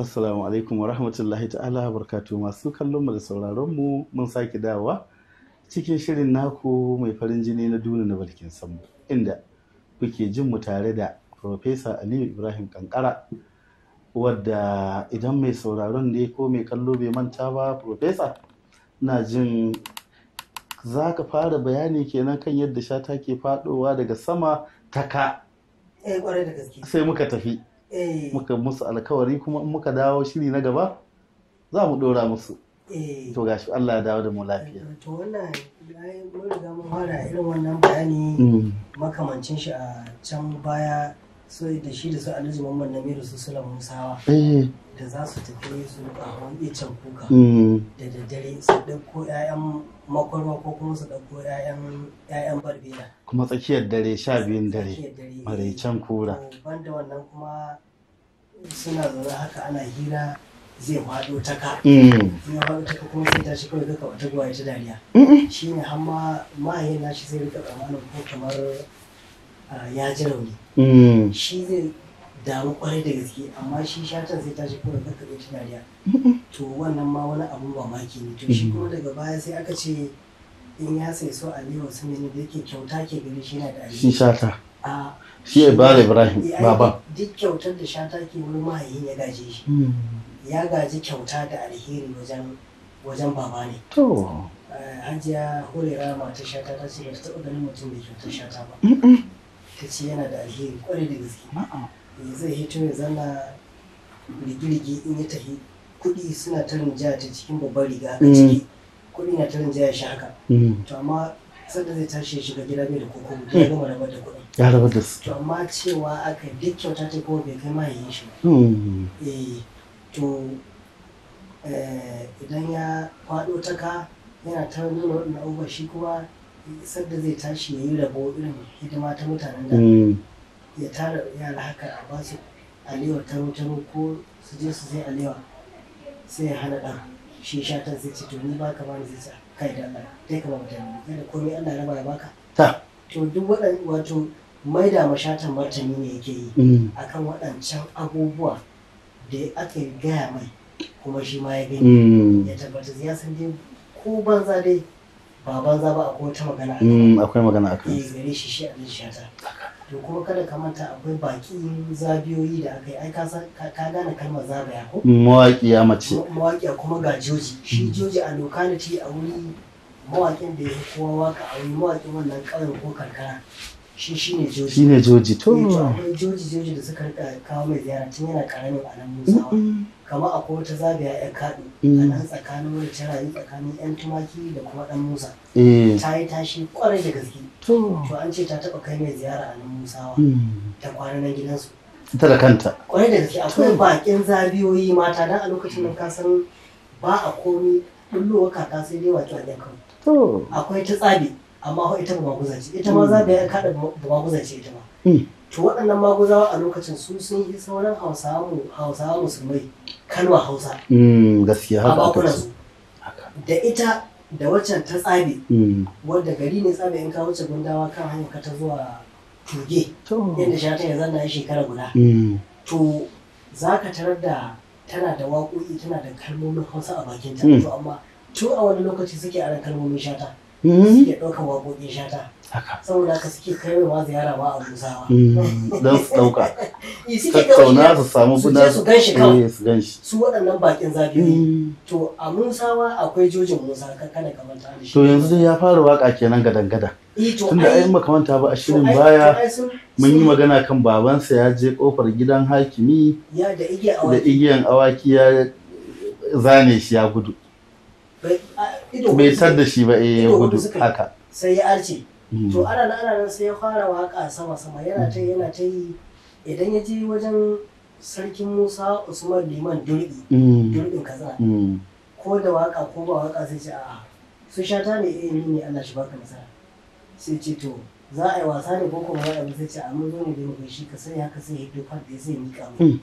Assalamu alaikum wa rahmatullahi ta'ala barkatu masu kallon mu da sauraron mu mun sake dawa cikin shirin naku mai farin jini na duna na balkin sanmu inda kuke jin mu tare da Profesa Aliyu Ibrahim Kankara wadda idan mai sauraron ne ko mai kallo bai manta ba Profesa na jin za ka fara bayani kenan kan yadda shata ke fadowa daga sama taka, eh, sai muka tafi Eh. muka musu alkawari kuma in muka dawo shiri na gaba za mu dora musu eh. to gashi Allah ya dawo da mu lafiya to wannan mun riga fara irin wannan bayani mm. makamancin shi a can baya so da shi da su alhaji Muhammad namiru su Musa musawa eh. da za su tafi su a wani can kuka mm. da daddare su dauko ƴaƴan. makwarwa ko kuma su ɗauko 'ya'yan barbera kuma tsakiyar dare sha biyun dare eh. maraicen kura banda wannan kuma suna zaune haka ana hira zai faɗo ta ka mm. zai ya ta ka kuma sai ta shi kawai duka wata ya ta dariya shi ne hamma mahayin nashi zai rika tsammanin ko kamar ah, ya ji rauni mm. shi zai damu kwarai da gaske amma shi shatan sai tashi kawai da kaga shi dariya to wannan ma wani abu ba maki ne to shi kuma daga baya sai aka ce in ya sai so a lewa su ne da yake kyauta ke gani shi na da shi shata a shi ya ba ibrahim baba duk kyautar da shata ke wani mahayin ya gaje shi hmm. ya gaji kyauta da alheri wajen wajen baba ne to eh, hajiya hulera mata shata ta ce ba ta taɓa ganin mutum da kyautar shata ba ta ce yana da alheri kwarai da gaske zai hito ya zama rigirgi in ya tafi kuɗi suna ta rinjaya ta cikin babbar riga a mm. ciki kuɗi na ta rinjaya shi haka mm. to amma sanda zai tashi ya shiga gida bai da koko ya mm. gama rabar da kuɗin ya rabar da su to amma cewa aka duk kyauta ta kuma bai kai mahayin shi eh to eh, idan ya kwaɗo ta ka yana ta nuna waɗannan shi kuma sanda zai tashi ya yi rabo irin hidima ta mutanen da ya tara yara haka a ba su alewa taro taro ko su je su sai alewa sai ya hana ɗan shi sha ta zai ce tuni ba ka bani zai ce kai da Allah dai ka ba mutane kai da komai Allah raba ya baka ta to duk waɗan wato maida mashatan martani ne yake yi mm. akan waɗancan abubuwa da aka gaya mai kuma shi ma ya gani mm. ya tabbatar ya san dai ko banza dai ba banza ba akwai wata magana mm, akwai magana akan eh, shi shi a shata to kuma kada ka manta akwai baki zabiyoyi da aka yi ai ka gane kalmar zabaya ko mawaƙiya mace mawaƙiya kuma ga joji shi hmm. joji a lokality a wuri mawaƙin da ya kowa waka a wuri mawaƙin wannan ƙauyen ko karkara shi ne joji shine joji eh, to akwai joji joji da suka rika kawo mai ziyara tun yana karami a nan musawa kama akwai wata zabiya ya kaɗu mm. a nan tsakanin wani tarayi tsakanin yan tumaki da kuma ɗan musa eh. ta yi tashi kwarai da gaske To. To an ce ta taɓa kai mai ziyara a nan Musawa. Hmm. Ta kwana na gidansu. Ita da kanta. Kwarai da gaske akwai baƙin zabiyoyi mata dan a lokacin nan ka san ba a komi bullowa kaka sai dai wato a yankan. To. Akwai ta tsabi amma ita ba maguza ce ita ma hmm. zabiya ya da ba maguza ce ita ma. Hmm. To waɗannan maguzawa a lokacin su sun yi sauran hausawa hausawa musulmai kalma hausa. Gaskiya haka. A bakunan su. Da ita da waccan ta tsabe mm. wadda gari ne tsabe in ka wuce gundawa kan hanyar ka ta zuwa tuge inda shata ya yi shekara guda mm. to za ka tarar da tana da waƙoƙi tana da kalmomin hausa a bakinta mm. to amma tun a wani lokaci suke ana kalmomin shata Hmm. suke ɗaukar waƙoƙin shata saboda haka suke kaiwa ziyara ba a musawa hmm. don su ɗauka tattauna su samu guda su gan shi kawai eh, su waɗannan bakin zafi ne hmm. to a musawa akwai jojin musa ka kankana kamar ta to yanzu dai ya fara waƙa kenan gadan gadan eh, tunda ai makamanta ba a shirin baya mun yi magana kan babansa ya je kofar gidan hakimi da igiyan awaki ya zane shi ya gudu ido bai da shi ba eh ya gudu haka sai ya arce hmm. to ana nan ana nan sai ya fara waka sama sama yana ta yana ta yi idan ya je wajen sarkin Musa Usman Liman Durbi hmm. Durbin kaza hmm. ko da waka ko ba waka sai ce a'a su shata ne eh ni ne Allah shi baka nasara sai ce to za a yi wasa ne ko kuma a yi sai ce a mun zo ne da mu shi ka sai haka sai ya dokar da zai mika mu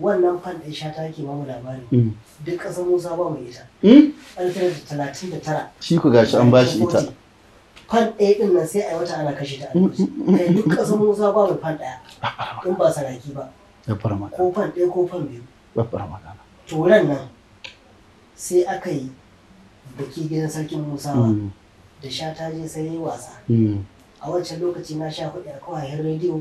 wannan fan sha ta yake mamu labari mm. duk kasar musa ba mai ita mm? alfiyar talatin da tara shi ku gashi an bashi ita fan ɗaya ɗin nan sai a wata ana kashe ta mm, kai eh, duk kasar musa ba mai fan ɗaya in ba saraki ba ko fan ɗaya ko fan biyu Turan nan sai aka yi biki gidan sarkin musa da sha ta je sai ya yi wasa a wancan lokaci na sha hudu a kawai rediyo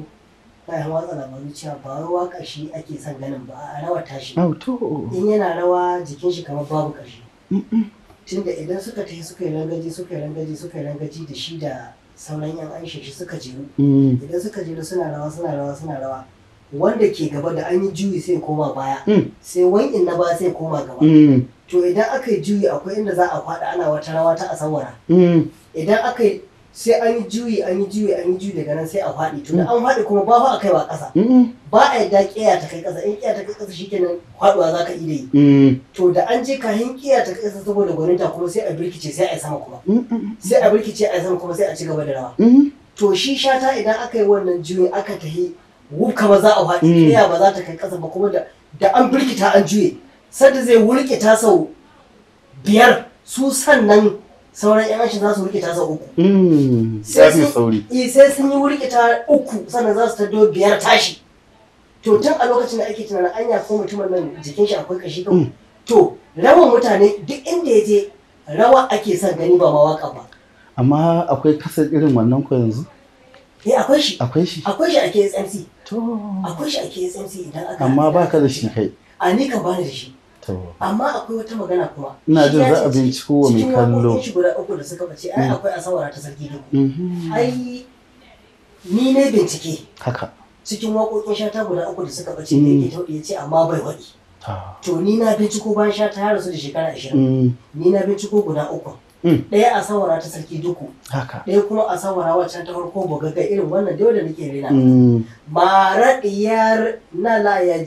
kai hawa labaru cewa ba rawa ƙashi ake son ganin ba a rawa tashi in yana rawa jikin shi kamar babu ƙashi tunda idan suka tafi suka yi rangaji suka yi rangaji suka yi rangaji da shi da sauran yan an shi suka jiru mm. idan suka jiru suna rawa suna rawa suna rawa wanda ke gaba da an yi juyi sai koma baya mm. sai wankin na baya sai koma gaba mm. to idan aka yi juyi akwai inda za a faɗa ana wata rawa ta asawara idan aka yi sai an yi juyi an yi juyi an yi juyi daga nan sai a faɗi tunda mm. an faɗi kuma ba fa a kaiwa ƙasa ba a yadda ƙiya ta kai ƙasa in ƙiya ta kai ƙasa shikenan faɗuwa za ka iya yi mm. to da an je kahin ƙiya ta kai ƙasa saboda gwaninta kuma sai a birkice sai a yi sama kuma sai a birkice a yi sama kuma sai a ci gaba da rawa mm-hmm. to shi shata idan aka yi wannan juyi aka tahi wufka ba za a faɗi mm. ƙiya ba za ta kai ƙasa ba kuma da an birkita an juye sadda zai wurke ta sau biyar su sannan sauran yan ashin za su rikita sa uku. Mm, sai sun yi wurkita uku sannan za su ta do biyar tashi. To tun a lokacin da ake tunanin anya ko mutumin nan jikin shi akwai kashi kan. Mm. To rawan mutane duk inda ya je rawa ake son gani ba ma waka ba. Amma akwai kasar irin wannan ko yanzu? Eh akwai shi. Akwai shi. Akwai shi a KSMC. To. Akwai shi a KSMC idan aka. Amma ba ka da shi kai. A ni ka bani da shi. amma akwai wata magana kuma ina jin za a binciko wa mai kallo cikin guda uku da suka bace ai mm. akwai asawara ta sarki duku mm-hmm. ai ni ne bincike haka cikin waƙoƙin shata guda uku da suka bace mm. da yake tauɗi ya ce amma bai waɗi ah. to ni na binciko bayan shata har su da shekara ashirin mm. ni na binciko guda uku ɗaya a sawara ta sarki duku ɗaya kuma a sawara waccan ta farko ga irin wannan dai da nake rena Ba mm. raɗiyar nala ya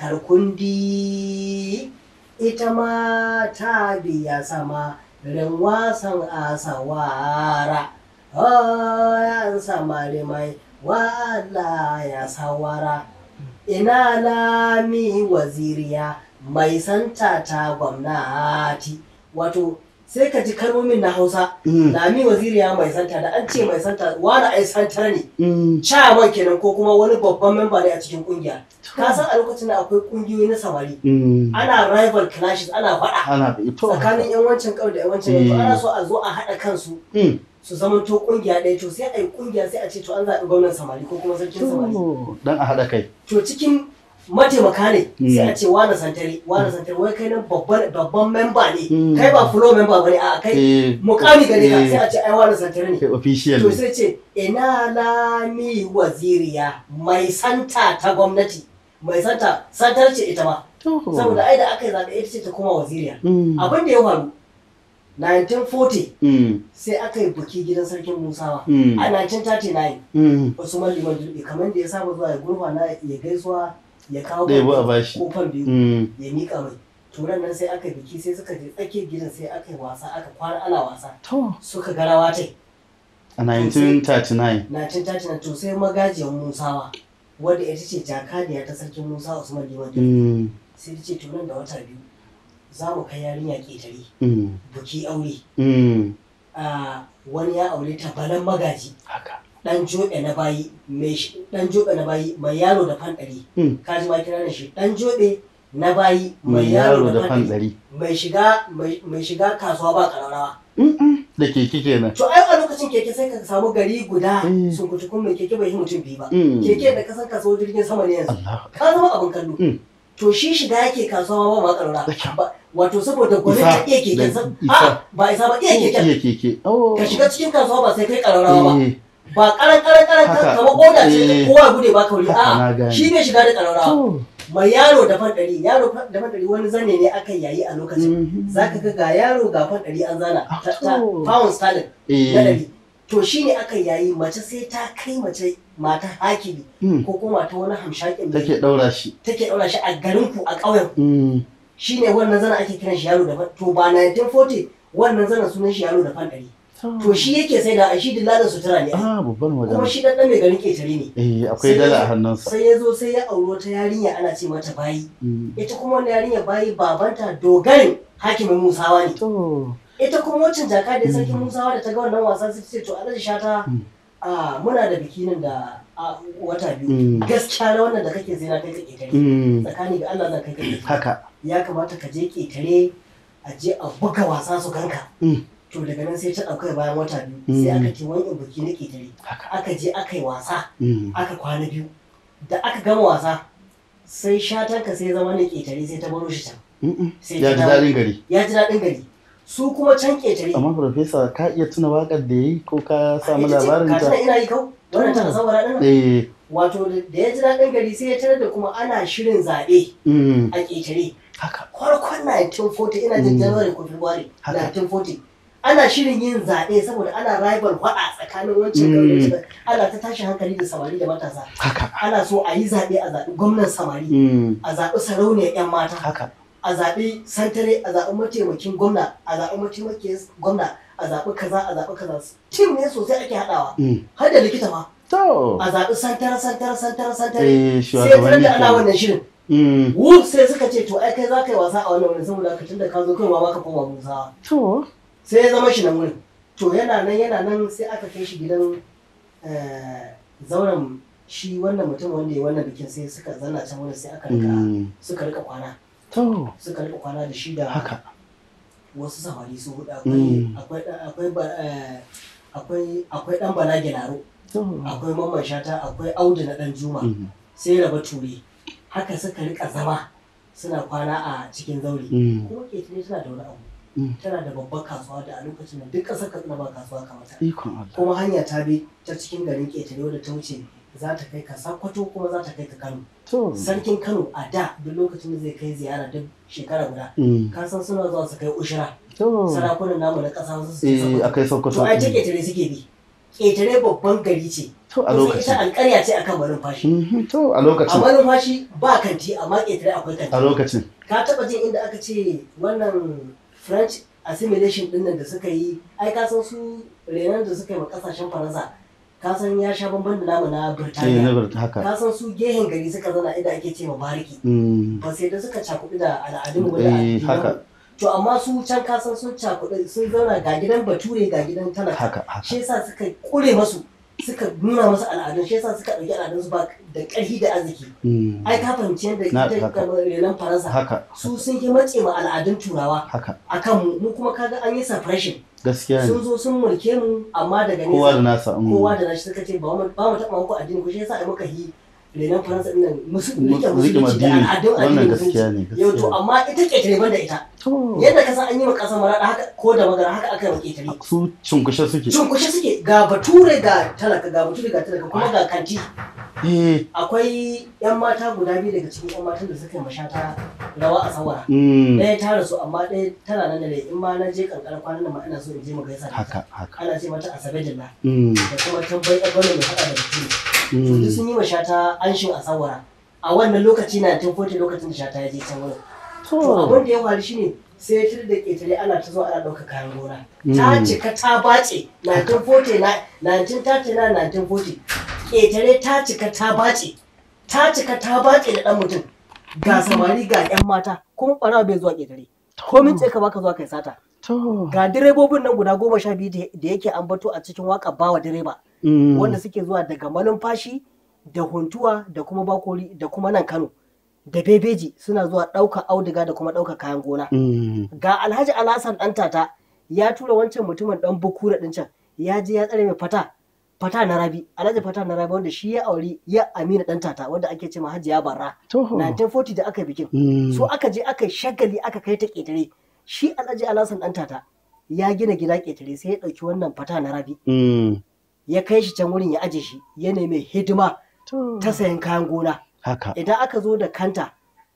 karkundi ita ma ta biya sama rin wasan a sawara yan sama mai wala ya sawara ina lami waziriya mai santa ta gwamnati wato sai ka ji kalmomin na hausa mm. da mi waziri ya mai santa da an ce mai santa wani ai santa ne mm. chairman kenan ko kuma wani babban memba ne a cikin kungiya ka san a lokacin da akwai kungiyoyi na samari mm. ana rival clashes ana faɗa tsakanin yan wancan kawai da yan wancan ana so a zo a haɗa kansu su zama to kungiya ɗaya to sai a yi kungiya sai a ce to an zaɓi gwamnan samari ko kuma sarkin samari dan a haɗa kai to cikin mataimaka ne hmm. sai a ce wani santare wani hmm. santare wai kai nan babban babban memba ne hmm. kai ba flow memba bane a kai eh. mukami gare ka eh. sai a ce ai wani santare ne to sai ce ina lami waziriya mai santa ta gwamnati mai santa santar ce ita ma saboda ai da aka yi zaɓe ita ce ta koma waziriya abin da ya faru 1940 sai aka yi buki gidan sarkin musawa a 1939 usman liman dulbe kamar da ya saba zuwa ya gurfa na ya gaisuwa ya kawo kofar biyu mm. ya mika mai turan nan sai aka biki sai suka je tsakiyar gidan sai aka yi wasa aka kwana ana wasa suka ga tai a 1939 1939 to sai magajiyar musawa wadda ita ce jakadiya ta sarkin musa usman liman mm. sai ta ce da wata biyu za mu kai yarinya ƙetare mm. buki aure ah, wani ya aure ta balan magaji haka dan jobe na bayi mai dan jobe na bayi mai yaro da fandari ka ji ma kira shi dan jobe na bayi mai yaro da fandari hmm. mai shiga mai shiga kasuwa ba kararrawa mm, mm. da keke kenan to ai a lokacin keke sai ka samu gari guda eh. sun kun mai keke bai yi mutum biyu ba mm. keke da kasan kasuwa jirgin sama ne yanzu ka zama abin kallo to shi shiga yake kasuwa ba ma karara wato saboda gwani ta iya keken ba isa ba iya keken oh. ka shiga cikin kasuwa ba sai kai kararrawa ba eh. ba karan karan kama koda ce eh. kowa gude ba kauri a shi ne shiga da karaura mai yaro da fadari yaro da fadari wani zane ne aka yayi a lokacin mhm. zaka ga ga yaro ga fadari an zana ah, ta pound sterling na dari eh. to shi ne aka yayi mace sai ta kai mace mata hakimi hmm. ko kuma ta wani hamshakin take daura shi take daura shi a garin ku a ƙauyen hmm. shi ne wannan zana ake kiran shi yaro da to ba 1940 wannan zana sunan shi yaro da fadari to shi yake sai da shi da sutura ne Ah babban wajen kuma shi dan mai garin ketare ne eh akwai dala a hannunsa sai ya zo sai ya auro ta yarinya ana ce mata bayi mm. ita kuma wannan yarinya bayi babanta dogarin hakimin musawa ne ita kuma wancan jaka da sarki mm. musawa da ta ga wannan wasa sai ce to Allah sha ta mm. a muna da biki nan da wata biyu gaskiya na wannan da kake zina kai ka ketare tsakani ga Allah zan kai ka haka ya kamata ka je ketare a je a buga wasa su ganka to daga nan sai ta ɗauka bayan wata biyu mm. sai aka ce wani biki na ƙetare aka je aka yi wasa mm. aka kwana biyu da aka gama wasa sai shatanka sai zama na ƙetare sai ta baro shi can ya ji daɗin gari ya ji daɗin gari su kuma can ƙetare amma farfesa ka iya tuna waƙar da ya yi ko ka samu labarin ta ka ina yi kau wannan ta mm. saurara ɗin eh. wato da ya ji daɗin gari sai ya tarar da kuma ana shirin zaɓe a ƙetare haka farkon 1940 ina jin january ko february 1940 ana shirin yin zaɓe saboda ana rival faɗa tsakanin wancan gari mm. ana ta tashi hankali da samari da matasa ana so a yi zaɓe a zaɓi gwamnan samari mm. a zaɓi sarauniyar 'yan mata a zaɓi santare a zaɓi mataimakin gwamna a zaɓi mataimakin gwamna a zaɓi kaza a zaɓi kaza tim ne sosai ake haɗawa mm. har da likita ma a zaɓi santare santare santare santare eh, sai ya da ana wannan shirin wu sai suka ce to ai kai za ka yi wasa a wannan wani saboda ka da ka zo kai ma ka koma musa to sai ya zama shi nan wurin to yana nan yana nan sai aka kai shi gidan eh, zauren shi wannan mutum wanda ya wannan bikin sai suka zanna can wurin sai aka rika hmm. suka rika kwana to suka rika kwana da shi da haka wasu samari su hudu hmm. akwai akwai eh, akwai akwai dan bala gilaro akwai mamman shata akwai audu na dan juma hmm. sai raba ture haka suka rika zama suna kwana a cikin zaure kuma tuni suna da wani abu Mm. tana da babban kasuwa da a lokacin da duk ƙasar katsina ba kasuwa kamata kuma hanya ta bi ta cikin garin ƙetare wadda ta wuce za ta kai ka sakwato kuma za ta kai ka kano sarkin kano a da duk lokacin da zai kai ziyara duk shekara guda mm. ka san suna zuwa su kai ushira sarakunan namu na ƙasa su ce eh, kai to ai ta ƙetare suke bi ƙetare babban gari ce to a lokacin ita alƙarya ce akan barin fashi mm-hmm. to a lokacin a barin fashi ba kanti amma ƙetare akwai kanti a lokacin ka taɓa jin inda aka ce wannan french assimilation din da suka yi ai ka san su renan da suka yi ma kasashen faransa ka san ya sha bamban da namu na birtaniya eh, ka su gehen gari suka zana inda ake ce ma bariki mm. ba sai da suka cakuɗi da al'adun mu da eh, to amma su can ka sun cakuɗi sun zauna ga gidan bature ga gidan talaka shi yasa suka kure masu suka nuna masa al'adun shi yasa suka ɗauki al'adun su ba da ƙarfi da arziki hmm. ai ka fahimci yadda ita kamar renon faransa su sun yi matse ma al'adun turawa akan mu mu kuma kaga an yi suppression gaskiya sun zo sun mulke mu amma daga nesa kowa da nasa mm. kowa da suka ce ba mu taɓa muku addini ku shi yasa da muka yi renan faransa ɗin nan musulunci da al'adun addinin musulunci yau to amma ita ƙetare ban da ita yadda ka san an yi wa ƙasar maraɗa haka ko da magana haka aka yi wa ƙetare su cunkushe suke cunkushe suke ga bature ga talaka ga bature ga talaka kuma ga kanti eh. akwai yan mata guda biyu daga cikin yan matan da suka mashata rawa a sawara mm. ɗaya ta rasu amma ɗaya tana nan da in ma na je kankara kwanan nan ma ina so in je mu gaisa haka haka ana ce mata asabe dilla mm. da kuma tabbai ɗabbalo mai haɗa da mutum Sojoji mm. sun yi wa shata anshin a tsawara. A wannan lokaci na 1940 lokacin da shata ya je can wurin. To abin da ya faru shi ne sai ya da ƙetare ana ta zo ana ɗauka kayan gona. Ta mm. cika ta bace 1940 na ta ce na 1940 ƙetare ta cika ta bace ta cika ta bace da ɗan mutum. Ga samari ga 'yan mata kuma ɓarawa bai zuwa ƙetare. Komin ce ka baka zuwa kai sata. Ga direbobin nan guda goma sha biyu da yake ambato a cikin waka bawa direba. Mm. wanda suke zuwa daga malumfashi da huntuwa da kuma bakori da kuma nan kano da bebeji suna zuwa ɗaukar auduga da kuma ɗaukar kayan gona mm. ga alhaji alhassan ɗan tata ya tura wancan mutumin ɗan bukura ɗin can ya je ya tsare mai fata fata na rabi alhaji fata na rabi wanda shi ya auri ya amina ɗan tata wanda ake ce hajiya barra 1940 da aka bikin mm. so aka je aka shagali aka kai ta ƙetare shi alhaji alhassan ɗan tata ya gina gida ƙetare sai ya ɗauki wannan fata na rabi ya kai shi can wurin ya aje shi ya nemi hidima ta sayan kayan gona idan aka zo da kanta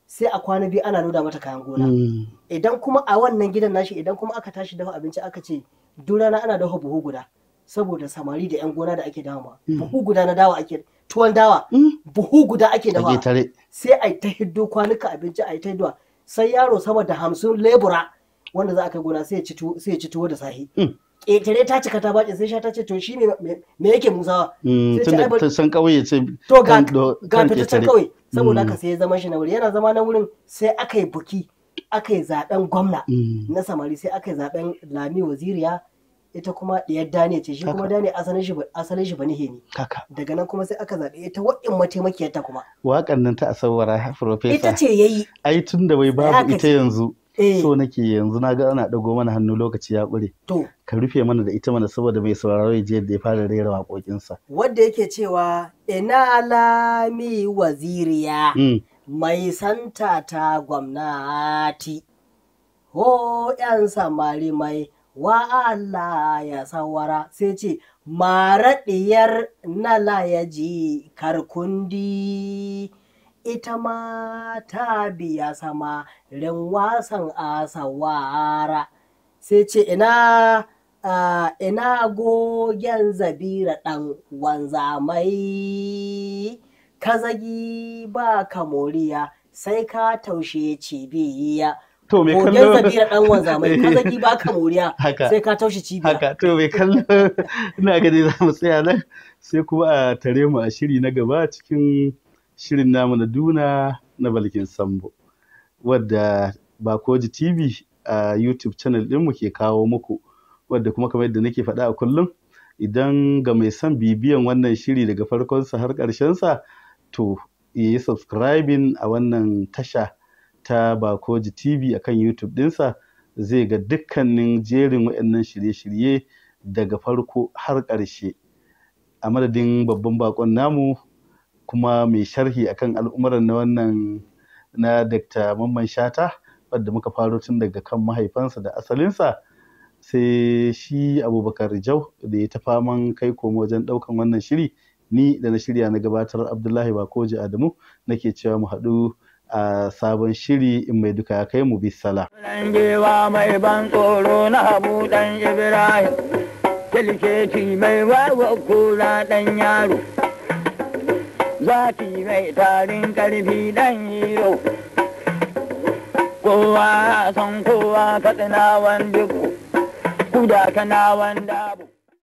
sai a kwana biyu ana loda mata kayan gona hmm. idan kuma a wannan gidan nashi idan kuma aka tashi dafa abinci aka ce duk na ana dafa buhu guda saboda samari da yan gona da ake dawa hmm. buhu guda na dawa ake tuwon dawa hmm. buhu guda ake dawa sai a ta hiddo kwanuka abinci a ta hiddo sai yaro sama da hamsin lebura wanda za a kai gona sai ya ci tuwo da sahi ƙetare eh, ta cika ta bace sai sha ta ce to shi ne me yake musawa mm, tunda ta san kauye ce to ga ga fitaccen kauye saboda mm. haka sai ya zama shi na wuri yana zama na wurin sai aka yi buki aka yi zaben gwamna mm. na samari sai aka yi zaben lami waziriya ita kuma ɗiyar dane ce shi kuma dane asalin shi asalin shi banihe ne daga nan kuma sai aka zaɓe ita wa'in mataimakiyar ta kuma waƙar nan ta asawara professor ita ce yayi ai tun da bai babu ita yanzu so eh. nake yanzu na ga ana ɗago mana hannu lokaci ya ƙure ka rufe mana da ita mana saboda mai sauraro ya je da ya fara rera waƙoƙinsa wanda yake cewa ina alami waziriya mm. mai santa ta gwamnati ho yan samari mai wa Allah ya sawara sai ce maraɗiyar nala ya ji karkundi ita ma ta biya sama rin wasan asawara sai ce ina uh, ina gogen zabira ɗan wanza mai ka zagi ba ka moriya sai ka taushe cibiya to me kallo gogen zabira dan wanza mai kazaki ba ka moriya sai ka taushe cibiya haka to me kallo ina ga dai zamu tsaya nan sai kuma a tare mu a shiri na gaba cikin shirin namu na duna na balkin sambo wadda bakoji tv a youtube channel ɗinmu ke kawo muku wadda kuma kamar yadda nake faɗa a kullum idan ga mai son bibiyan wannan shiri daga farkonsa har ƙarshensa to ya yi subscribing a wannan tasha ta bakoji tv akan youtube ɗinsa zai ga dukkanin jerin waɗannan shirye-shirye daga farko har ƙarshe a madadin babban bakon namu kuma mai sharhi akan al'umuran na wannan na Dr. Mamman Shata wadda muka faro tun daga kan mahaifansa da asalinsa sai shi Abubakar Jau da ya ta faman kai komo wajen ɗaukan wannan shiri ni da na shirya na gabatar Abdullahi Bakoji Adamu nake cewa mu haɗu a sabon shiri in mai duka ya kai mu bisala. Rangewa mai ban tsoro na Abu Ibrahim, kilkeci mai wawa kura ɗan yaro. Zaki mai tarin karfi dan yiro kowa san kowa katsinawan duku kuda kanawan ku.